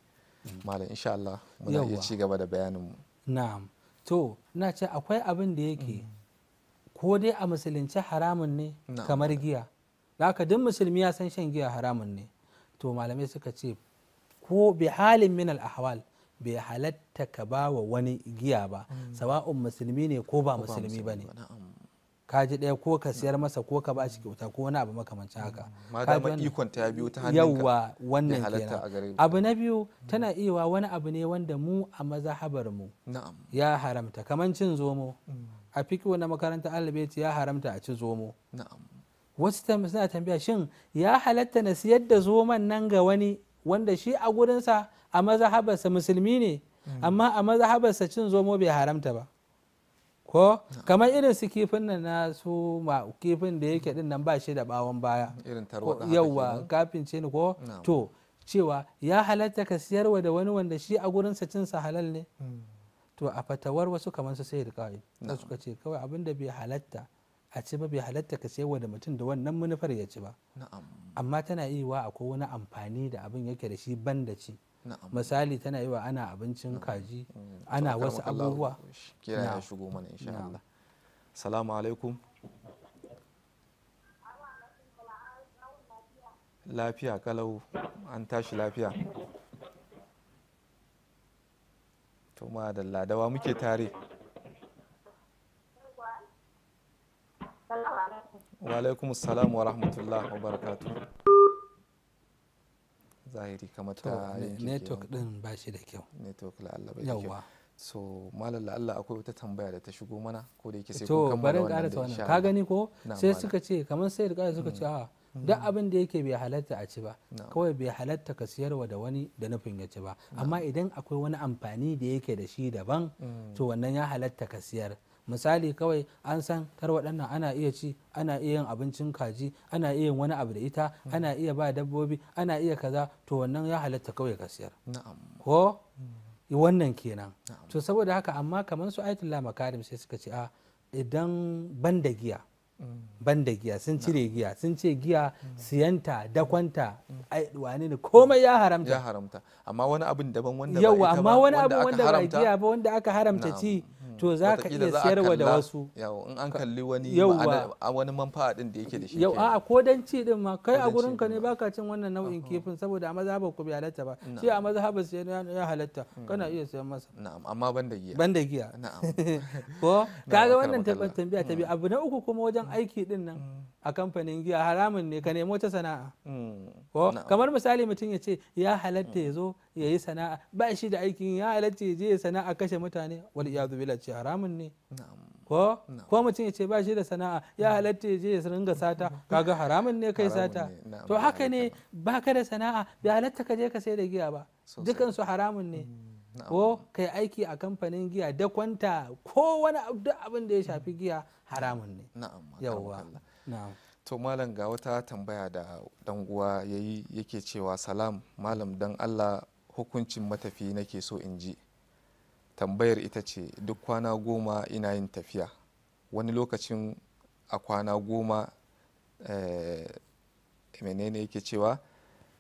malam insha Allah muna iya ci gaba da bayaninmu na'am to na ce akwai abin da yake ko dai a musulunci haramun ne kamar giya da haka duk musulmi ya san shan giya haramun ne to malamai suka ce ko bi halin min al ahwal bai halatta ka ba wa wani giya ba mm. sawa'un musulmi ne ko ba musulmi ba ne ka ji ɗaya ko ka mm. siyar masa ko ka ba shi kyauta ko wani abu makamancin haka mm. madama ikon ta biyu ta hannunka yawa wannan kenan abu na biyu tana iya wani abu ne wanda mu a mazhabar mu ya haramta kaman cin zomo a fiki na makaranta alibeti ya haramta a ci zomo wasu suna tambaya shin ya halatta na siyar da zoman nan ga wani wanda shi a gurinsa a mazhabarsa musulmi ne hmm. amma a mazhabarsa cin zomo bai haramta ba ko hmm. kamar irin su kifin nan na su ma kifin da yake din nan ba shi da bawon baya yauwa kafin ce ni ko to cewa ya halatta ka siyarwa da wani wanda shi a gurinsa cinsa halal ne hmm. to a fatawar wasu kamar su sai da kawai da suka ce kawai abin da bai halatta a ci ba bai halatta ka siyarwa da mutum da wannan manufar ya ci ba amma tana iya wa akwai wani amfani da abin yake da shi ban da ci misali tana yi wa ana abincin kaji mm. ana wasu abubuwa kira ya shigo mana insha Allah salamu alaikum lafiya kalau an tashi lafiya to ma da ladawa muke tare wa alaikum salam wa rahmatullah wa barakatuh zahiri kamar ta network din ba shi da kyau network la Allah bai da kyau so malam la Allah akwai wata tambaya da ta shigo mana ko da yake sai kun kammala wannan da insha ka gani ko sai suka ce kamar sai da suka ce mm. a duk abin da yake bai halatta a ci ba kawai bai halatta ka siyarwa da wani da nufin ya ci ba amma idan akwai wani amfani da yake da shi daban mm. to wannan ya halatta ka siyar misali kawai an san tarwaɗan nan ana iya ci ana iya yin abincin kaji ana iya yin wani abu da ita hmm. ana iya ba dabbobi ana iya kaza to wannan ya halatta kawai ka siyar ko hmm. wannan kenan to saboda haka amma kamar su ayatullah makarim sai suka ce a idan ban da giya hmm. ban da giya sun cire giya sun ce giya siyanta dakwanta wani ne komai ya haramta ya haramta amma wani abin daban wanda yawa amma wani abin wanda ba giya ba wanda aka haramta ci Mm. to za ka iya sayarwa da wasu yau in an kalli wani wani manfa'a din da yake da shi yau a'a ko dan ci din ma kai a gurin ka ne baka cin wannan nau'in kifin saboda a mazhabar ku bai halatta ba sai a mazhabar sai ya halatta kana mm. iya sayan masa na'am amma banda giya banda giya na'am ko kaga wannan tambaya ta biyu mm. abu na uku kuma wajen aiki din nan a kamfanin giya haramun ne ka nemi wata sana'a hmm, kamar misali mutum ya ce ya halatta ya zo ya yi sana'a ba shi da aikin ya halatta ya je ya sana'a kashe mutane wani ya billah ce haramun ne ko ko mutum ya ce ba shi da sana'a ya halatta ya je ya ringa sata kaga haramun ne kai sata to haka ne ba ka da sana'a bai halatta ka je ka sai da giya ba dukan su haramun ne hmm, ko kai aiki a kamfanin giya da kwanta ko wani abin da ya shafi giya haramun ne yawwa to malam ga wata tambaya da dan uwa yayi yake cewa salam malam dan allah hukuncin matafi nake so in ji tambayar ita ce duk kwana goma ina yin tafiya wani lokacin a kwana goma eh, menene yake cewa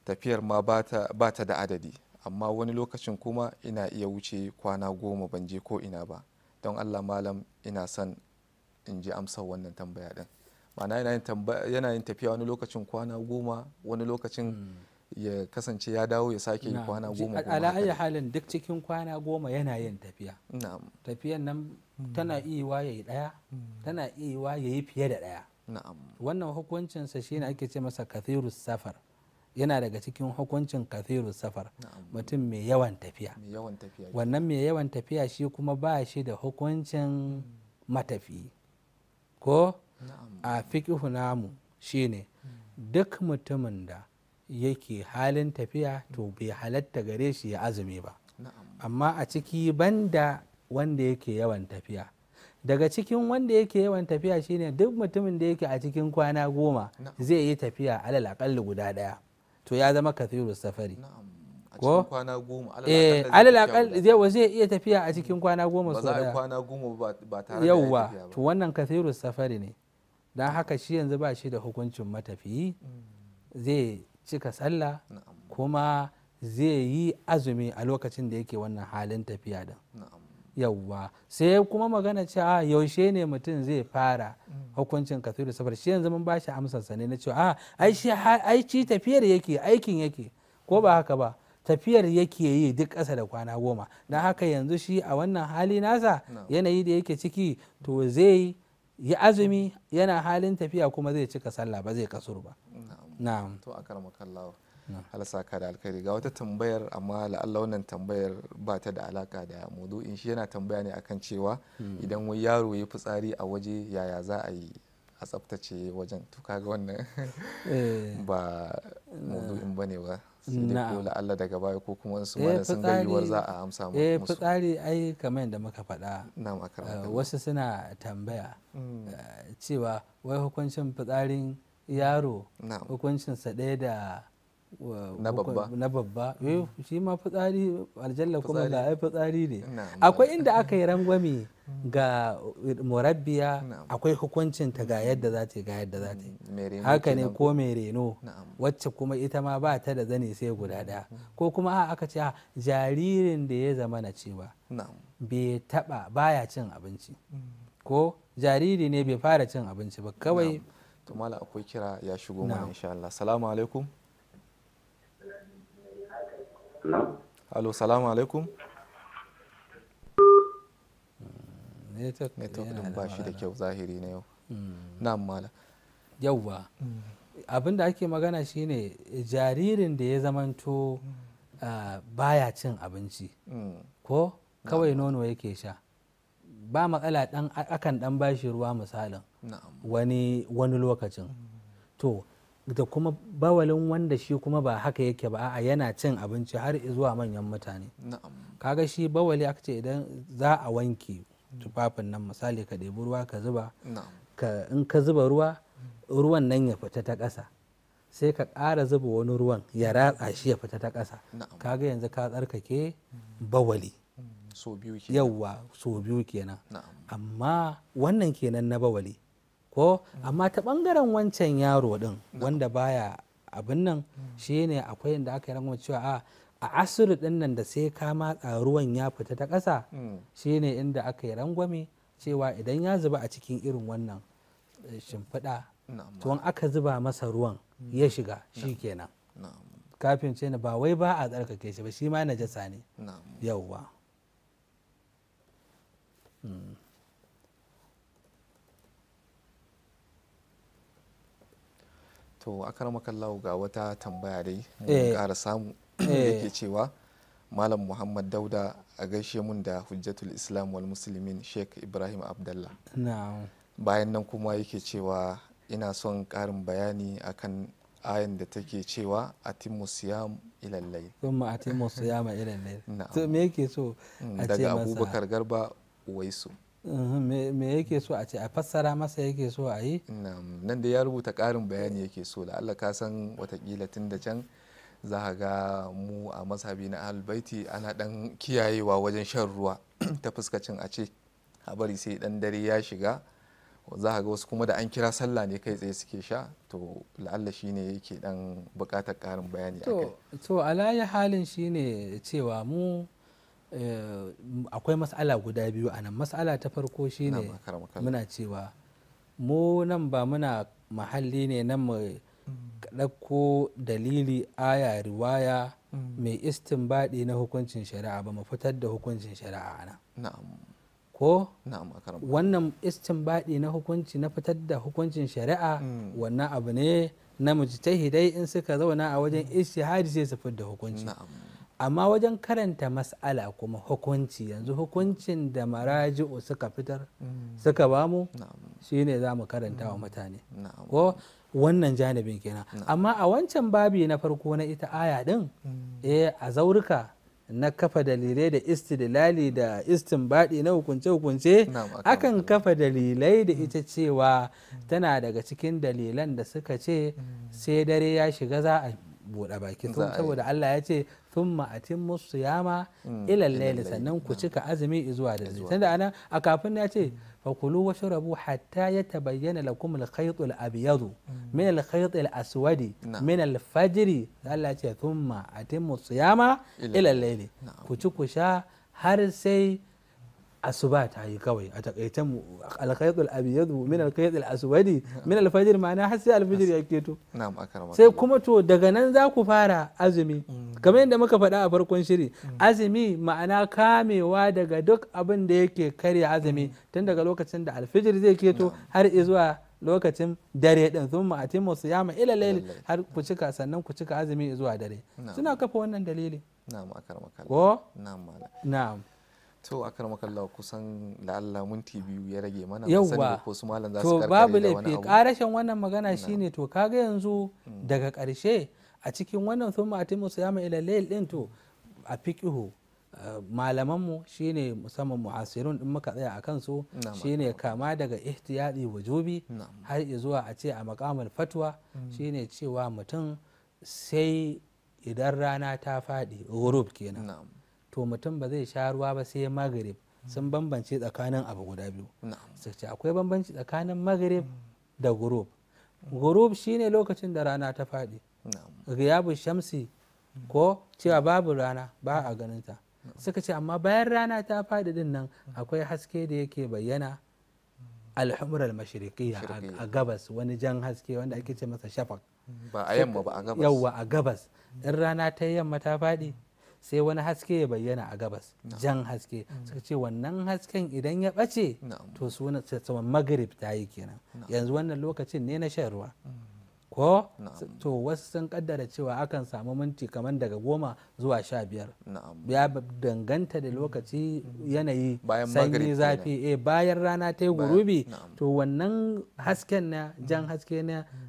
tafiyar ma ba ta da adadi amma wani lokacin kuma ina iya wuce kwana goma ban je ko ina ba don allah malam ina son in ji amsar wannan tambaya din ma'ana yana yin tafiya wani lokacin kwana goma wani lokacin hmm. ya kasance ya dawo ya sake yi kwana goma ala ayyar halin duk cikin kwana goma yana yin tafiya tafiyan nan hmm. tana iya ya yi daya hmm. tana iya ya yi fiye da daya wannan hukuncinsa shine ake ce masa kathiru safar yana daga cikin hukuncin kathiru safar mutum mai yawan tafiya wannan mai yawan tafiya shi kuma ba shi da hukuncin matafi ko a fiƙihu namu shine duk mutumin da yake halin tafiya to bai halatta gare shi ya azumi ba amma a ciki banda wanda yake yawan tafiya daga cikin wanda yake yawan tafiya shine duk mutumin da yake a cikin kwana goma zai yi tafiya alal akalli guda daya to ya zama kathiru safari ko alal eh, akalli zai zai iya tafiya a cikin kwana goma so daya yauwa to wannan kathiru safari ne don haka shi yanzu ba shi da hukuncin matafiyi mm. zai cika sallah kuma zai yi azumi a lokacin da yake wannan halin tafiya din yauwa sai kuma magana cewa ah, yaushe ne mutum zai fara mm. hukuncin da safar shi yanzu mun bashi amsarsa ne na cewa aiki ah, aiki tafiyar yake aikin yake ko ba haka ba tafiyar yake yi duk ƙasa da kwana goma don haka yanzu shi a wannan hali nasa yanayi da yake ciki to zai yi azumi yana halin tafiya kuma zai cika sallah ba zai kasuru ba na'am to karama kallawa ka da alkhairi ga wata tambayar amma la'alla wannan tambayar ba ta da alaka da in shi yana tambaya ne akan cewa hmm. idan wani yaro ya fitsari a waje yaya za a yi a tsaftace wajen to kaga wannan eh. ba in bane ba sai dai ko la'alla daga baya ko kuma su mana eh, sun ga yiwuwar za a amsa eh, musu eh fitsari ai kamar yadda muka faɗa na'am akara eh, wasu suna tambaya hmm. cewa wai hukuncin fitsarin yaro hukuncinsa ɗaya da na babba eh, shi ma fitsari aljalla kuma da ai fitsari ne akwai inda aka yi rangwami ga murabbiya akwai hukuncin ta ga yadda za ta ga yadda za ta mm, haka ne ko mai reno wacce kuma ita ma ba ta da zane sai guda ɗaya mm. ko kuma a aka ce jaririn da ya zama na cewa bai taba baya cin abinci mm. ko jariri ne bai fara cin abinci ba kawai to mala akwai kira ya shigo mana insha Allah alaikum Allo, salamu alaikum hmm, network din ba shi da kyau zahiri na yau hmm. na mala yawwa hmm. abin da ake magana shine jaririn da ya zamanto ah, baya cin abinci ko kawai nono yake sha ba matsala akan dan bashi ruwa misalin wani lokacin to da kuma bawalin wanda shi kuma ba haka yake ba a yana cin abinci har zuwa manyan mutane kaga shi bawali aka ce idan za a wanke tufafin nan misali ka ɗebi ruwa ka zuba in ka zuba ruwa ruwan nan ya fita ta ƙasa sai ka ƙara zuba wani ruwan ya ratsa shi ya fita ta ƙasa kaga yanzu ka tsarkake bawali yauwa so biyu kenan amma wannan kenan na bawali ko amma ta bangaren wancan yaro din wanda baya abin nan shine akwai inda aka yi rangwame cewa a ah, a asiri din nan da sai ka matsa ruwan ya fita ta ƙasa hmm. shine inda aka yi rangwame cewa idan ya zuba a cikin irin wannan eh, shimfiɗa to aka zuba masa ruwan ya hmm. shiga shi kenan kafin ce ba wai ba a tsarkake shi ba shi ma najasa ne yauwa hmm. to a akaramakallahu ga wata tambaya dai kara eh. samu eh. yake cewa malam muhammad dauda a gaishe mun da hujjatul islam wal musulmin sheikh ibrahim abdallah bayan nan kuma yake cewa ina son karin bayani akan ayan da take cewa timu siyam ilallai kuma timu siyam ilallai to me yake so mm, a ce masa daga abubakar garba waisu me yake so a ce a fassara masa yake so a yi nan da ya rubuta ƙarin bayani yake so da Allah ka san watakila tun da can za a ga mu a mazhabi na albaiti ana dan kiyayewa wajen shan ruwa ta fuskacin a ce a bari sai dan dare ya shiga za a ga wasu kuma da an kira sallah ne kai tsaye suke sha to la'alla ne yake dan bukatar karin bayani to to alaya halin shine cewa mu Eh, akwai mas'ala guda biyu a nan mas'ala ta farko shine muna cewa mu nan ba muna mahalli ne nan mu ɗauko dalili aya riwaya mm. mai baɗi na hukuncin shari'a ba mu fitar da hukuncin shari'a nan ko wannan istin baɗi na hukunci na fitar da hukuncin shari'a mm. wannan abu ne na mujtahidai in suka zauna a wajen mm. ishihadi sai su fitar da hukunci amma wajen karanta mas'ala kuma hukunci yanzu hukuncin da maraji'u suka fitar mm. suka bamu shine za mu karanta wa mm. mutane ko wannan janibin kenan amma a wancan babi na farko na ita aya din mm. eh a zaurika na kafa dalilai da istidlali da istin istinbadi na hukunce-hukunce akan kafa dalilai da ita cewa tana daga cikin dalilan da suka ce sai dare ya shiga za a buɗe baki saboda Allah ya ce thumma atimmu siyama hmm, ila al sannan ku hmm. cika azumi zuwa da zai anan a kafin ya ce fa kulu washrabu hatta yatabayyana bayyana al-khayt al-abyad hmm. min al-khayt al-aswad min al-fajr Allah ya ce thumma atimmu siyama ila al ku ci ku sha har sai asuba ta yi kawai a takaice mu alkhayt al min alkhayt al-aswadi min al ma'ana har sai al-fajr ya keto sai kuma to daga nan za ku fara azumi kamar yadda muka faɗa a farkon shiri azumi ma'ana kamewa daga duk abin da yake karya azumi tun daga lokacin da alfijir zai keto har zuwa lokacin dare din sun ma'atin musu yama ila laili har ku cika sannan ku cika azumi zuwa dare suna kafa wannan dalili ko na. makalla na'am to akramakallahu kusan la'alla minti biyu ya rage mana ko su malam za su to babu laifi karashin wannan magana shine to kaga yanzu mm. daga karshe a cikin wannan sun thumma atimu siyama ila layl din to a fiqihu eh, malamanmu shine musamman mu'asirun din muka tsaya a kansu shine kama daga ihtiyadi wajubi har zuwa a ce a makamar fatwa mm. shine cewa mutum sai idan rana ta faɗi ghurub kenan to mutum ba zai sha ruwa ba sai magrib sun bambance tsakanin abu guda biyu su akwai bambanci tsakanin magrib da gurub gurub shine lokacin da rana ta faɗi riyabu shamsi ko cewa babu rana ba a ganinta suka ce amma bayan rana ta faɗi din nan akwai haske da yake bayyana alhumral mashirikiya a gabas wani jan haske wanda ake ce masa shafak ba a yamma ba a gabas yawwa a gabas in rana ta yamma ta faɗi sai wani haske ya bayyana a gabas jan haske mm. suka ce wannan hasken idan ya ɓace to suna magrib ta yi kenan yanzu wannan lokacin ne na shan ruwa mm. ko to wasu sun kaddara cewa akan samu minti kamar daga goma zuwa sha biyar ya danganta da lokaci mm. yanayi sanyi zafi eh bayan rana ta yi gurubi to wannan hasken na jan haske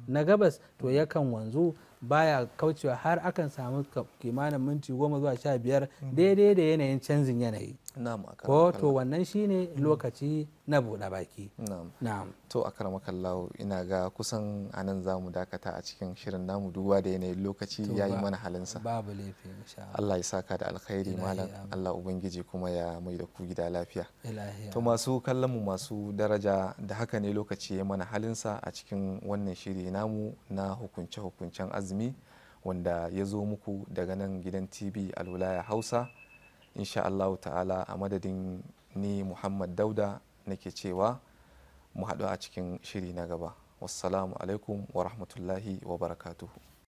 na gabas to yakan wanzu baya kaucewa har akan samu kimanin minti goma zuwa sha biyar mhm. daidai da yanayin canjin yanayi ko to wannan shine mm. lokaci na buɗe baki na'am to akramakallahu ina ga kusan anan mu dakata a cikin shirin namu duba da yanayin lokaci ya yi mana halinsa babu laifi Allah ya saka da alkhairi malam Allah ubangiji kuma ya mai da ku gida lafiya to masu kallon mu masu daraja da haka ne lokaci ya mana halinsa a cikin wannan shiri namu na hukunce hukuncen azumi wanda ya zo muku daga nan gidan tv alwala hausa insha allahu ta'ala a madadin ni muhammad dauda nake cewa mu haɗu a cikin shiri na gaba wassalamu alaikum wa rahmatullahi wa barakatuhu